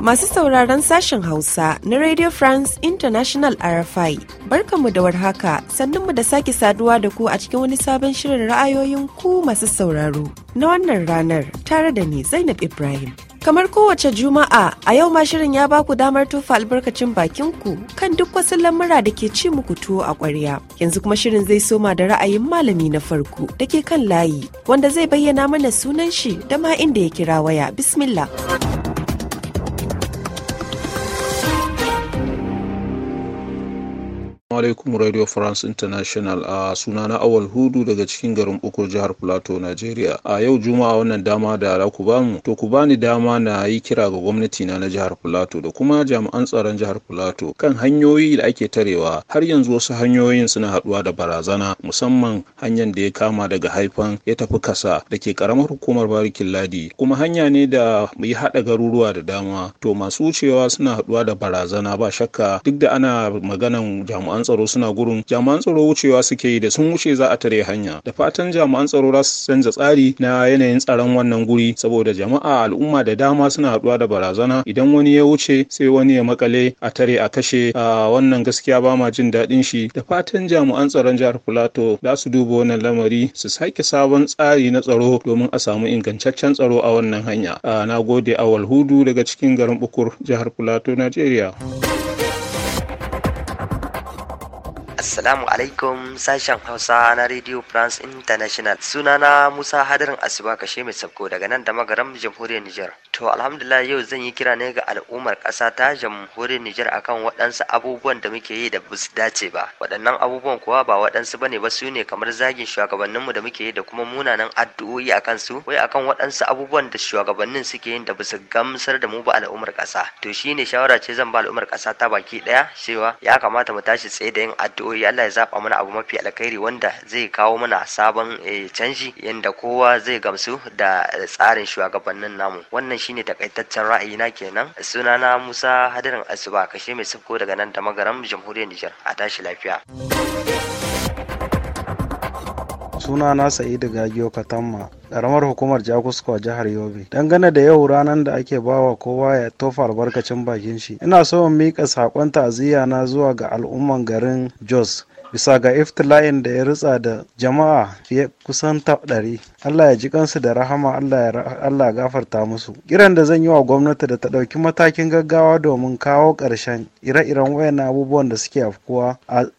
Masu sauraron sashen Hausa na Radio France International RFI, barkanmu da warhaka sannunmu da sake saduwa da ku a cikin wani sabon shirin ra'ayoyin ku masu sauraro na wannan ranar tare da ni Zainab Ibrahim. Kamar kowace Juma'a a yau ma shirin ya ba ku damar tufa albarkacin bakin ku kan duk wasu lamura da ke ci muku tuwo a kwarya Yanzu kuma shirin zai soma da ra'ayin malami na farko da ke kan layi wanda zai bayyana mana sunan shi da ma inda ya kira waya. Bismillah. alaikum Radio France International a suna na Awal Hudu daga cikin garin Ukur jihar Plateau, nigeria A yau Juma'a wannan dama da ala ku bamu, to ku bani dama na yi kira ga gwamnati na na jihar Plateau da kuma jami'an tsaron jihar Plateau kan hanyoyi da ake tarewa. Har yanzu wasu hanyoyin suna haɗuwa da barazana musamman hanyar da ya kama daga haifan ya tafi kasa da ke karamar hukumar Barikin Ladi. Kuma hanya ne da ya haɗa garuruwa da dama. To masu wucewa suna haduwa da barazana ba shakka duk da ana maganan jami'an tsaro suna gurin jami'an tsaro wucewa suke yi da sun wuce za a tare hanya da fatan jami'an tsaro za su canza tsari na yanayin tsaron wannan guri saboda jama'a al'umma da dama suna haɗuwa da barazana idan wani ya wuce sai wani ya makale a tare a kashe a wannan gaskiya ba ma jin daɗin shi da fatan jami'an tsaron jihar Filato za su duba wannan lamari su sake sabon tsari na tsaro domin a samu ingantaccen tsaro a wannan hanya. Na gode Awal Hudu daga cikin garin Bukur jihar Filato, Najeriya. Assalamu alaikum sashen Hausa na Radio France International. Sunana Musa Hadarin Asuba kashe mai sabko daga nan da magaram jamhuriyar Nijar. To alhamdulillah yau zan yi kira ne ga al'ummar ƙasa ta jamhuriyar Nijar akan waɗansu abubuwan da muke yi da ba su dace ba. Waɗannan abubuwan kuwa ba waɗansu bane ba su ne kamar zagin shugabanninmu da muke yi da kuma munanan addu'o'i akan su wai akan waɗansu abubuwan da shugabannin suke yin da ba su gamsar da mu ba al'ummar ƙasa. To shi ne shawara ce zan ba al'ummar ƙasa ta baki ɗaya cewa ya kamata mu tashi tsaye da yin addu'o'i yi Allah ya zaba mana abu mafi alkhairi wanda zai kawo mana sabon eh, canji yanda kowa zai gamsu da tsarin shugabannin namu wannan shine takaitaccen ra'ayi na kenan sunana Musa Hadarin Asuba kashe mai sako daga nan da magaram jamhuriyar Nijar a tashi lafiya suna na sa'idu gagiyo katamma ƙaramar hukumar jakusko a jihar yobe dangane da yau ranar da ake bawa kowa ya tofa albarkacin bakin shi ina so in mika saƙon ta'aziyya na zuwa ga al'umman garin jos bisa ga iftila'in da ya rutsa da jama'a fiye kusan ɗari Allah ya ji kansu da rahama Allah ya gafarta musu kiran da zan yi wa gwamnati da ta ɗauki matakin gaggawa domin kawo ƙarshen ire-iren wayan abubuwan da suke afkuwa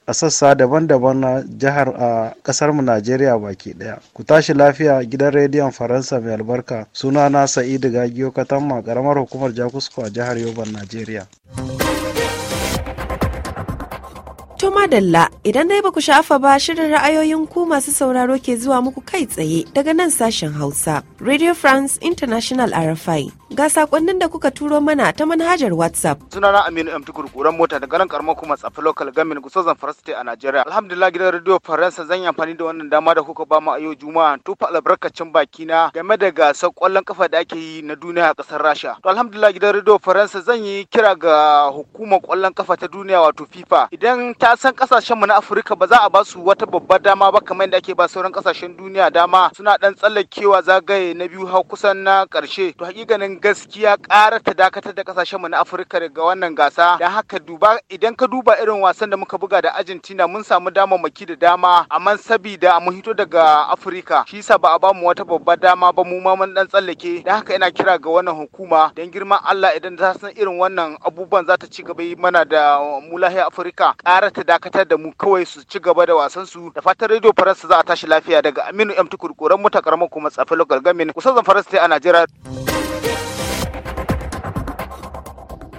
a sassa daban-daban na jihar a ƙasar mu Najeriya baki ɗaya ku tashi lafiya gidan rediyon Faransa mai albarka sunana Sa'idu Gagiyo Katamma ƙaramar hukumar Jakusko a jihar Yoban Najeriya. To madalla idan dai ku shafa ba shirin ra'ayoyin ku masu sauraro ke zuwa muku kai tsaye daga nan sashen Hausa. Radio France International RFI. Ga sakonnin da kuka turo mana ta manhajar WhatsApp. Sunana Aminu M Tukur kuran mota daga nan karamar kuma tsafi local gamin Gusozan Faransa a Najeriya. Alhamdulillah gidan Radio Faransa zan yi amfani da wannan dama da kuka ba mu a yau Juma'a tufa albarkacin baki na game da gasar kwallon kafa da ake yi na duniya a kasar Rasha. To alhamdulillah gidan Radio Faransa zan yi kira ga hukumar kwallon kafa ta duniya wato FIFA idan ta san kasashen mu na Afirka ba za a ba su wata babbar dama ba kamar yadda ake ba sauran kasashen duniya dama suna dan tsallakewa zagaye na biyu har kusan na karshe to hakikanin gaskiya ƙara ta dakatar da kasashen mu na Afirka daga wannan gasa dan haka duba idan ka duba irin wasan da muka buga da Argentina mun samu maki da dama amma sabida mu hito daga Afirka shi yasa ba a ba mu wata babbar dama ba mu ma mun dan tsallake dan haka ina kira ga wannan hukuma dan girman Allah idan ta san irin wannan abubuwan za ta ci gaba mana da mu lahiya Afirka ƙara ta dakatar da mu kawai su ci gaba da wasan su da fatan radio faransa za a tashi lafiya daga aminu m tukur koran mu ta karamar kuma tsafi local government kusan zan faransa a najeriya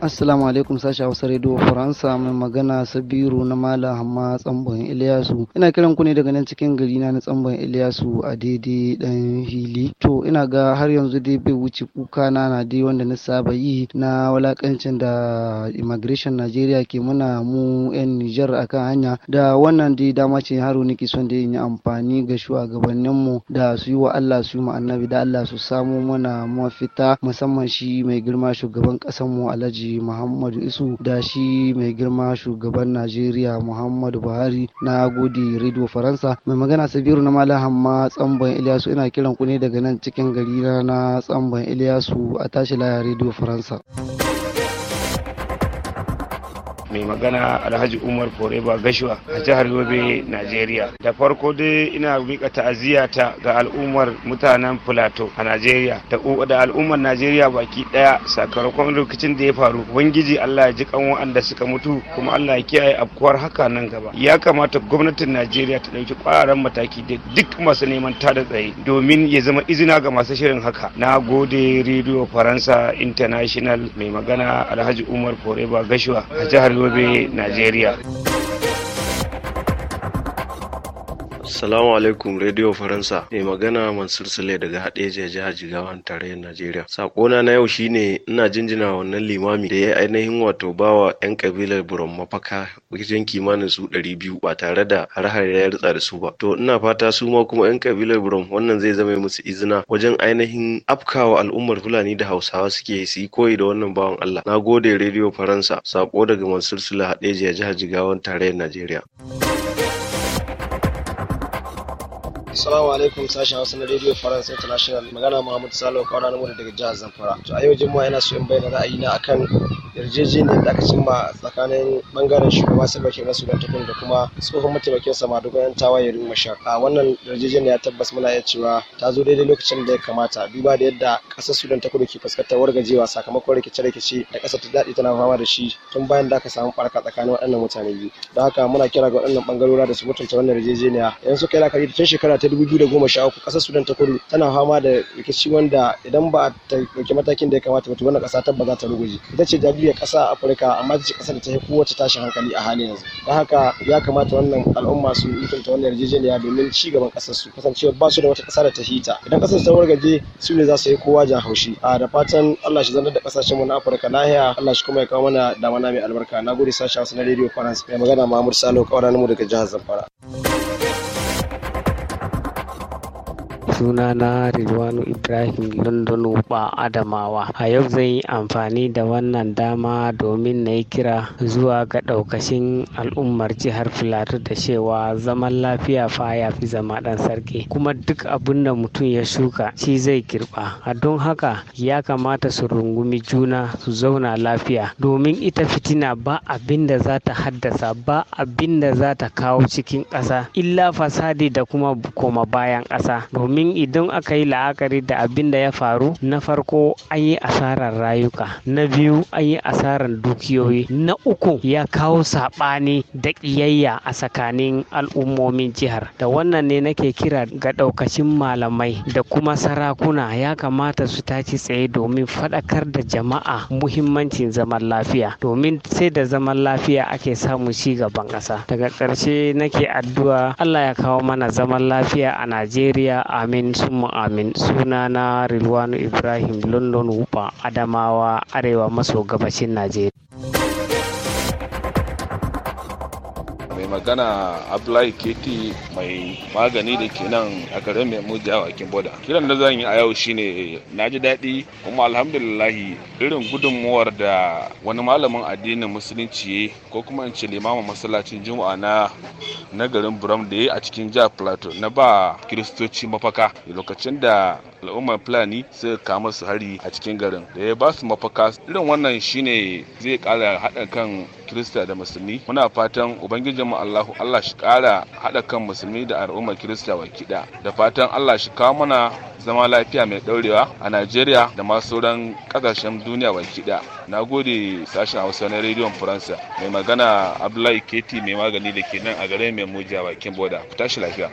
assalamu alaikum sashi hausa radio faransa mai magana sabiru na mala hamma tsambon iliyasu ina kiran ku ne daga nan cikin gari na Tsamban iliyasu a daidai dan hili to ina ga har yanzu dai bai wuce kuka na na dai wanda na saba yi na walakancin da immigration nigeria ke muna mu yan niger akan hanya da wannan dai dama ce haro nake son da yi amfani ga shugabannin mu da su yi wa allah su yi annabi da allah su samu mana mafita musamman shi mai girma shugaban kasan mu alhaji muhammadu isu da shi mai girma shugaban najeriya muhammadu buhari na gode radio faransa mai magana sabiru na malam Hamma, tsamban Ilyasu. ina kiran ku ne daga nan cikin gari na tsamban Ilyasu a tashi laya radio faransa. mai magana alhaji umar foreba gashuwa a jihar yobe najeriya da farko dai ina mika ta'aziyya ta ga al'ummar mutanen plateau a najeriya da al'ummar najeriya baki daya sakamakon rikicin da ya faru ubangiji allah ya ji kan wa'anda suka mutu kuma allah ya kiyaye afkuwar haka nan gaba ya kamata gwamnatin najeriya ta ɗauki ƙwararren mataki da duk masu neman tada tsaye domin ya zama izina ga masu shirin haka na gode rediyo faransa international mai magana alhaji umar foreba gashuwa a jihar Yobe. yobe najeriya Assalamu alaikum Radio Faransa. Mai magana Mansur Sule daga Hadeja jihar Jigawan tarayyar Najeriya. Sakona na yau shine ina jinjina wannan limami da ya ainihin wato bawa 'yan kabilar Buron mafaka wajen kimanin su ɗari biyu ba tare da har ya su ba. To ina fata su ma kuma 'yan kabilar Buron wannan zai zama musu izina wajen ainihin afkawa al'ummar Fulani da Hausawa suke su yi koyi da wannan bawan Allah. Na gode Radio Faransa. Sako daga Mansur Sule Hadeja jihar Jigawan tarayyar Najeriya. Assalamu alaikum sashen Hausa na Radio France International magana Muhammad Salo kwana na daga jihar Zamfara. To a yau Juma'a yana so in bayyana ra'ayina akan yarjejeniyar da aka cimma tsakanin bangaren shugaba sabon ke na Sudan da kuma tsohon mataimakin sa Madugo yan tawaye Rim A wannan yarjejeniya tabbas muna iya cewa ta zo daidai lokacin da ya kamata duba da yadda ƙasar Sudan ta Kudu ke fuskantar wargajewa sakamakon rikice-rikice da ƙasar ta daɗe tana fama da shi tun bayan da aka samu barka tsakanin waɗannan mutane biyu. Don haka muna kira ga waɗannan bangarora da su mutunta wannan yarjejeniya. Yan suka yi la'akari tun shekara ta uku ƙasar Sudan ta Kudu tana fama da rikici wanda idan ba a ɗauki matakin da ya kamata ba to wannan ƙasa tabbas za ta ruguje. Ita ce libya ƙasa a afirka amma ta ce ƙasar ta yi kowace tashin hankali a halin yanzu don haka ya kamata wannan al'umma su mutunta wannan yarjejeniya domin ci gaban ƙasar su kasancewa ba su da wata ƙasa da ta hita idan ƙasar ta wargaje su ne za su yi kowa jan haushi a da fatan allah shi zanar da ƙasashen mu na afirka lahiya allah shi kuma ya kawo mana damana mai albarka na gode sashi hausa na rediyo france mai magana mamur salo kawaran mu daga jihar zamfara suna na Rilwanu Ibrahim London ba Adamawa. A yau zan yi amfani da wannan dama domin na yi kira zuwa ga ɗaukashin al'ummar jihar Filato da cewa zaman lafiya fa ya fi zama ɗan sarki kuma duk abin da mutum ya shuka shi zai kirɓa. A don haka ya kamata su rungumi juna su zauna lafiya domin ita fitina ba abin da za ta haddasa ba abin da za ta kawo cikin ƙasa illa fasadi da kuma koma bayan ƙasa domin idan aka yi la'akari da abin da ya faru na farko an yi asarar rayuka na biyu an yi asarar dukiyoyi na uku ya kawo saɓani da ƙiyayya a tsakanin al'ummomin jihar da wannan ne nake kira ga ɗaukacin malamai da kuma sarakuna ya kamata su tashi tsaye domin faɗakar da jama'a muhimmancin zaman lafiya domin sai da zaman lafiya ake samun ci gaban ƙasa daga ƙarshe nake addu'a allah ya kawo mana zaman lafiya a najeriya amin amin summa amin sunana rilwanu ibrahim london wupa adamawa arewa maso gabashin najeriya magana Abdullahi Keti mai magani da ke nan a garin mai a bakin boda. Kiran da zan yi a yau shine na ji daɗi kuma alhamdulillahi irin gudunmuwar da wani malamin addinin musulunci ko kuma in ce limamin masallacin juma'a na na garin Buram da ya a cikin jihar Plateau na ba kiristoci mafaka lokacin da al'ummar Fulani sai kama su hari a cikin garin da ya ba su mafaka irin wannan shine zai kara haɗa kan kirista da musulmi muna fatan ubangijin mu Allahu Allah shi kara haɗa kan musulmi da al'ummar kirista kiɗa da fatan Allah shi kawo mana zama lafiya mai daurewa a Najeriya da ma sauran kasashen duniya baki da na gode sashen Hausa na rediyon Faransa mai magana Abdullahi Keti mai magani da ke nan a garin mai mujiya bakin boda ku tashi lafiya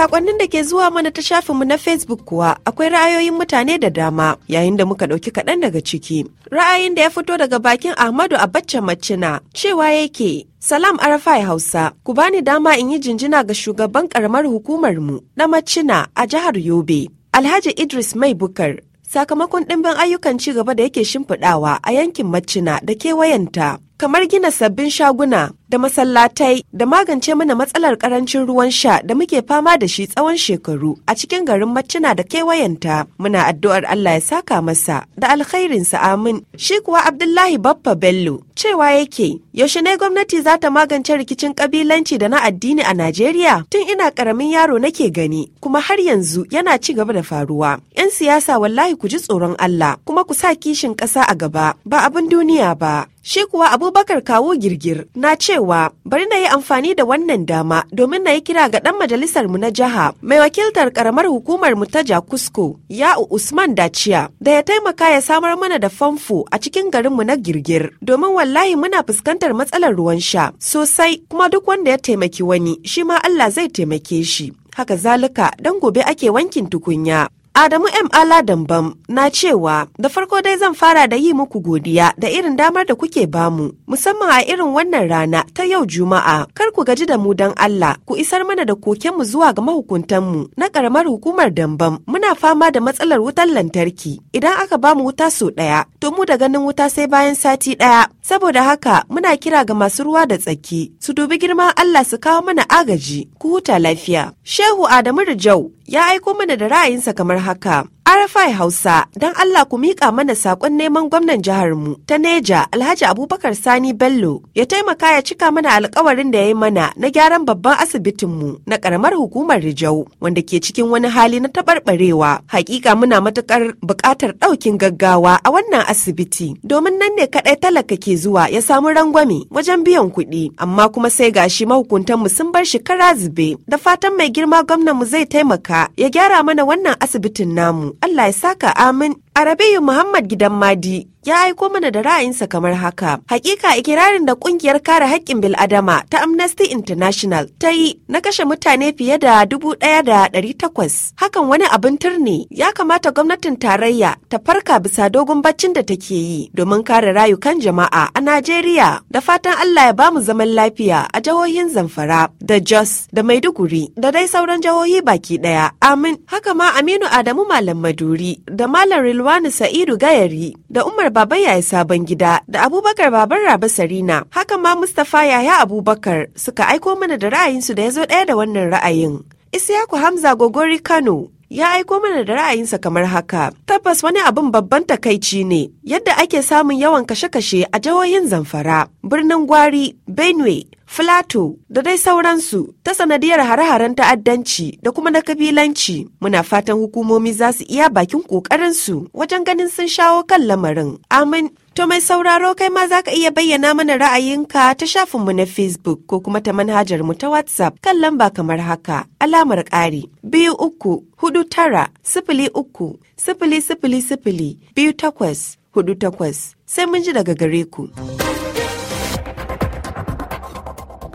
sakonnin da ke zuwa mana ta shafinmu na Facebook kuwa akwai ra'ayoyin mutane da dama yayin da muka ɗauki kaɗan daga ciki. Ra'ayin da ya fito daga bakin Ahmadu Abacha Macina cewa yake Salam Arafai Hausa, ku bani dama in yi jinjina ga shugaban karamar hukumar mu na Macina a jihar Yobe. Alhaji Idris Mai Bukar sakamakon ɗimbin ayyukan ci gaba da yake shimfiɗawa a yankin Macina da kewayenta. kamar gina sabbin shaguna da masallatai da magance mana matsalar karancin ruwan sha da muke fama da shi tsawon shekaru a cikin garin Macina da kewayenta muna addu'ar Allah ya saka masa da alkhairinsa amin shi kuwa Abdullahi Baffa Bello cewa yake yaushe ne gwamnati za ta magance rikicin kabilanci da na addini a Najeriya tun ina karamin yaro nake gani kuma har yanzu yana ci gaba da faruwa yan siyasa wallahi ku ji tsoron Allah kuma ku sa kishin ƙasa a gaba ba abin duniya ba Shi kuwa Abubakar Kawo Girgir na cewa bari na yi amfani da wannan dama domin na yi kira ga ɗan majalisar mu na jiha mai wakiltar karamar hukumar mu ta Jakusko ya Usman Daciya da ya taimaka ya samar mana da famfo a cikin garin mu na Girgir domin wallahi muna fuskantar matsalar ruwan sha sosai kuma duk wanda ya taimaki wani shi ma Allah zai taimake shi. Haka zalika dan gobe ake wankin tukunya. Adamu M. Aladambam na cewa da farko dai zan fara da yi muku godiya da irin damar da kuke bamu musamman a irin wannan rana ta yau Juma'a kar ku gaji da mu don Allah ku isar mana da kokenmu zuwa ga mahukuntanmu na karamar hukumar Dambam muna fama da matsalar wutar lantarki idan aka bamu wuta sau ɗaya to mu da ganin wuta sai bayan sati ɗaya saboda haka muna kira ga masu ruwa da tsaki su dubi girman Allah su kawo mana agaji ku huta lafiya. Shehu Adamu Rijau ya aiko mana da ra'ayinsa kamar Hakka. RFI Hausa don Allah ku miƙa mana saƙon neman gwamnan jiharmu ta Neja Alhaji Abubakar Sani Bello ya taimaka ya cika mana alkawarin da ya yi mana na gyaran babban asibitinmu na ƙaramar hukumar Rijau wanda ke cikin wani hali na taɓarɓarewa. Hakika muna matuƙar buƙatar ɗaukin gaggawa a wannan asibiti domin nan ne kaɗai talaka ke zuwa ya samu rangwame wajen biyan kuɗi amma kuma sai gashi mahukuntanmu sun bar shi kara zube da fatan mai girma gwamnanmu zai taimaka ya gyara mana wannan asibitin namu Allah ya saka amin Arabiyu Muhammad Gidan Madi ya aiko mana da ra'ayinsa kamar haka. Hakika ikirarin da kungiyar kare haƙƙin bil'adama ta Amnesty International ta yi na kashe mutane fiye da dubu ɗaya da ɗari takwas. Hakan wani abin turne ya kamata gwamnatin tarayya ta farka bisa dogon baccin da take yi domin kare rayukan jama'a a Najeriya. Da fatan Allah ya bamu zaman lafiya a jihohin Zamfara da Jos da Maiduguri da dai sauran jihohi baki ɗaya. Amin. Haka ma Aminu Adamu Malam Maduri da Malam Rilwa Rilwanu Sa'idu Gayari da Umar Baba Yaya Sabon Gida da Abubakar Baban Rabe Sarina. Haka ma Mustapha Yaya Abubakar suka aiko mana da ra'ayinsu da ya zo ɗaya da wannan ra'ayin. Isiyaku Hamza Gogori Kano ya aiko mana da ra'ayinsa kamar haka. Tabbas wani abin babban takaici ne yadda ake samun yawan kashe-kashe a jihohin Zamfara, birnin Gwari, Benue, Filato da dai sauransu ta sanadiyar hare-haren ta'addanci da kuma na kabilanci muna fatan hukumomi za su iya bakin ƙoƙarinsu wajen ganin sun shawo kan lamarin. Amin. To mai sauraro kai ma za ka iya bayyana mana ra'ayinka ta shafinmu na Facebook ko kuma ta manhajar mu ta WhatsApp kan lamba kamar haka alamar ƙari biyu uku hudu tara sifili uku sifili sifili sifili biyu takwas hudu takwas sai mun ji daga gare ku.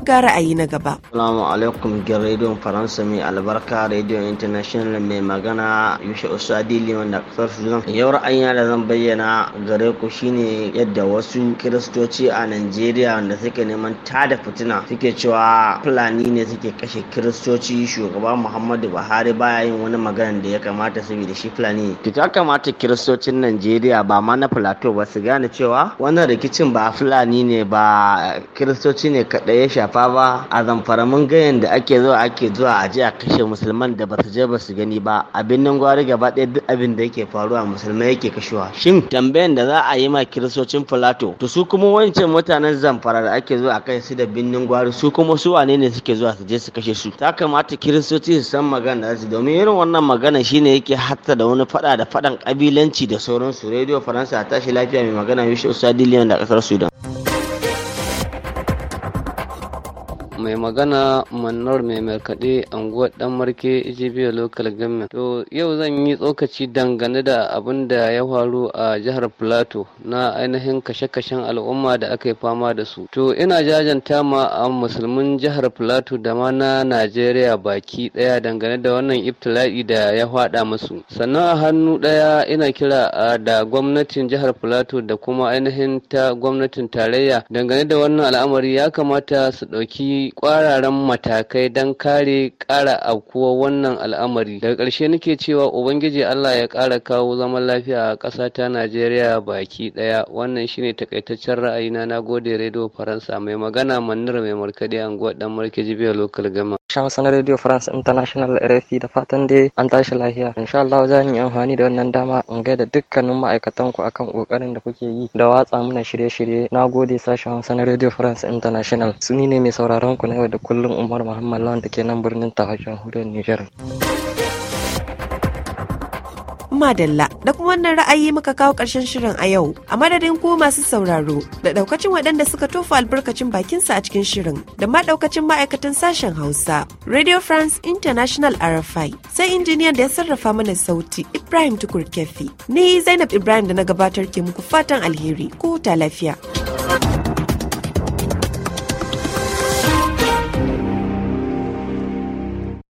ga ra'ayi na gaba. Salamu alaikum gin rediyon Faransa mai albarka rediyon International mai magana Yusha Usadi Liman da kasar Sudan. Yau ra'ayina da zan bayyana gare ku shine yadda wasu kiristoci a Najeriya wanda suke neman tada fitina suke cewa Fulani ne suke kashe kiristoci shugaba Muhammadu Buhari baya yin wani magana da ya kamata saboda shi Fulani. Ki ta kamata kiristocin Najeriya ba ma na Plateau ba su gane cewa wannan rikicin ba Fulani ne ba kiristoci ne kaɗai ya shafi tallafa ba a zamfaramin gayan da ake zuwa ake zuwa a je a kashe musulman da basu je basu gani ba a nan gwari gaba ɗaya duk abin da yake faruwa musulmai yake kashewa shin tambayan da za a yi ma kiristocin filato to su kuma wancan mutanen zamfara da ake zuwa a kai su da binnin gwari su kuma su wane ne suke zuwa su je su kashe su ta kamata kiristoci su san magana su domin irin wannan magana shine yake hatta da wani fada da fadan kabilanci da sauransu radio faransa tashi lafiya mai magana yusuf sadiliyan da kasar sudan mai magana manar mai markaɗe anguwar dan marke ijibiya local government to yau zan yi tsokaci dangane da abin da ya faru a jihar plateau na ainihin kashe-kashen al'umma da aka yi fama da su to ina jajanta ma a musulmin jihar plateau da ma na najeriya baki ɗaya dangane da wannan ibtila'i da ya faɗa musu sannan a hannu ɗaya ina kira da gwamnatin jihar plateau da kuma ainihin ta gwamnatin tarayya dangane da wannan al'amari ya kamata su ɗauki kwararan matakai don kare kara aukuwa wannan al'amari daga ƙarshe nake cewa ubangiji allah ya ƙara kawo zaman lafiya a ƙasa ta najeriya baki ɗaya wannan shine takaitaccen ra'ayina na gode radio faransa mai magana manira mai markaɗe anguwa dan markeji biya lokal gama sashen Hausa na Radio France International RFI da fatan dai an tashi lafiya. Insha Allah za yi amfani da wannan dama in gaida dukkanin ma'aikatan ku akan kokarin da kuke yi da watsa mana shirye-shirye. Na gode sashen Hausa na Radio France International. Suni ne mai sauraron ku na yau da kullum Umar Muhammad Lawan da ke nan birnin Tawa hudun Nijar. madalla da kuma wannan ra'ayi muka kawo ƙarshen shirin a yau a madadin ku masu sauraro da daukacin waɗanda suka tofa albarkacin bakinsa a cikin shirin da ma daukacin ma'aikatan sashen hausa radio france international rfi sai injiniyan da ya sarrafa mana sauti ibrahim tukur kefi ni zainab ibrahim da na gabatar ke muku fatan alheri ko ta lafiya.